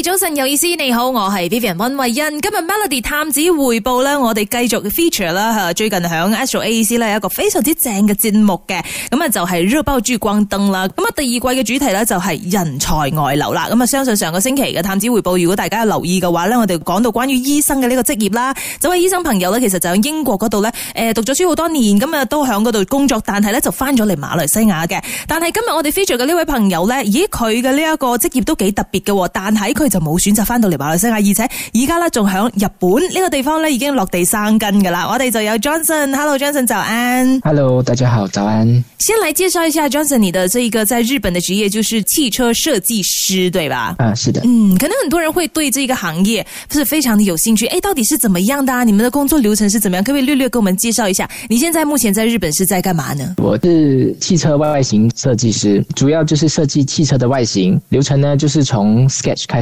早晨，有意思，你好，我係 Vivian 溫慧欣。今日 Melody 探子回報咧，我哋繼續 feature 啦最近 Astro AEC 呢，有一個非常之正嘅節目嘅，咁啊就係熱包珠光燈啦。咁啊第二季嘅主題咧就係人才外流啦。咁啊相信上個星期嘅探子回報，如果大家有留意嘅話咧，我哋講到關於醫生嘅呢個職業啦。就位醫生朋友咧，其實就喺英國嗰度咧，誒讀咗書好多年，咁啊都喺嗰度工作，但係咧就翻咗嚟馬來西亞嘅。但係今日我哋 feature 嘅呢位朋友咧，咦佢嘅呢一個職業都幾特別嘅，但喺佢就冇選擇翻到嚟馬來西亞，而且而家呢仲響日本呢個地方呢已經落地生根噶啦。我哋就有 Johnson，Hello Johnson，早安。Hello，大家好，早安。先來介紹一下 Johnson，你的這一個在日本的職業就是汽車設計師，對吧？啊，是的。嗯，可能很多人會對這一個行業是非常的有興趣。哎、欸、到底是怎麼樣的啊？你們的工作流程是怎麼樣？可唔可以略略給我們介紹一下？你現在目前在日本是在幹嘛呢？我是汽車外外形設計師，主要就是設計汽車的外形。流程呢，就是從 Sketch 開始。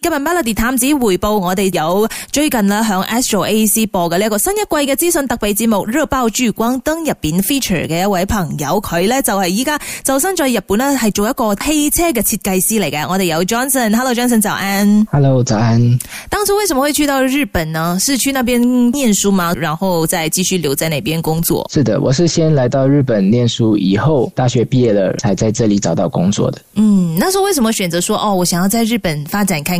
今日 Melody 探子回報我哋有最近呢響 Astro AEC 播嘅呢一個新一季嘅資訊特備節目《熱爆聚光燈》入邊 feature 嘅一位朋友，佢呢就係依家就身在日本呢係做一個汽車嘅設計師嚟嘅。我哋有 Johnson，Hello Johnson，早安 Hello 早安。當初為什麼會去到日本呢？是去那邊念書嗎？然後再繼續留在那邊工作？是的，我是先來到日本念書，以後大學畢業了，才在這裡找到工作的。嗯，那時候為什麼選擇說哦，我想要在日本發展開？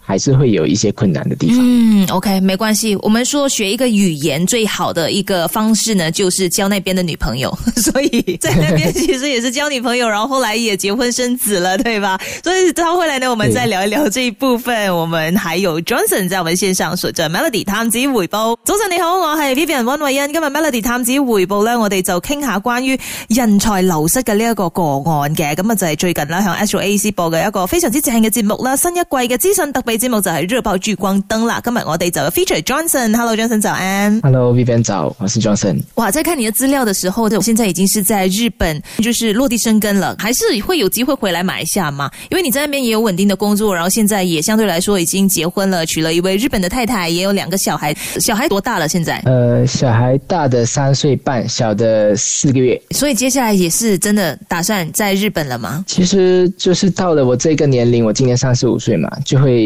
還是會有一些困難的地方。嗯，OK，沒關係。我們說學一個語言最好的一個方式呢，就是交那邊的女朋友。所以在那邊其實也是交女朋友， 然後後來也結婚生子了，對吧？所以到後來呢，我們再聊一聊這一部分。我們還有 Johnson 在我們線上所着 Melody 探子回報。早晨你好，我係 Vivian 溫慧欣。今日 Melody 探子回報呢，我哋就傾下關於人才流失嘅呢一個個案嘅。咁就係最近啦，響 Astro AEC 播嘅一個非常之正嘅節目啦。新一季嘅資訊。特別節目就係熱爆聚光燈啦！根本我得找個 feature，Johnson。Hello，Johnson 早安。Hello，Vivian 早，我是 Johnson。哇，在看你的資料的時候，就現在已經是在日本，就是落地生根了，還是會有機會回來馬來西亞嗎？因為你在那邊也有穩定的工作，然後現在也相對來說已經結婚了，娶了一位日本的太太，也有兩個小孩。小孩多大了？現在？呃，小孩大的三歲半，小的四個月。所以接下來也是真的打算在日本了嗎？其實就是到了我這個年齡，我今年三十五歲嘛，就會。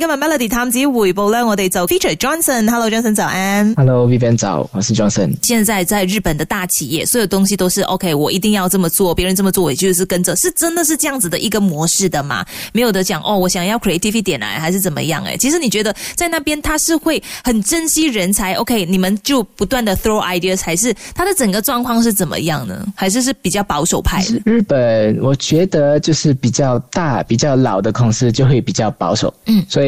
今日 Melody 探子回報咧，我哋走 feature Johnson。Hello，Johnson 早安。Hello，Vivian 早樂，我是 Johnson。現在在日本的大企業，所有東西都是 OK，我一定要這麼做，別人這麼做，我就是跟着，是真的是這樣子的一個模式的嘛？沒有得講哦，我想要 creativity 點來、啊，還是怎麼樣、欸？誒，其實你覺得在那邊，他是會很珍惜人才？OK，你們就不斷的 throw ideas，才是他的整個狀況是怎麼樣呢？還是是比較保守派？日本我覺得就是比較大、比較老的公司就會比較保守。嗯，所以。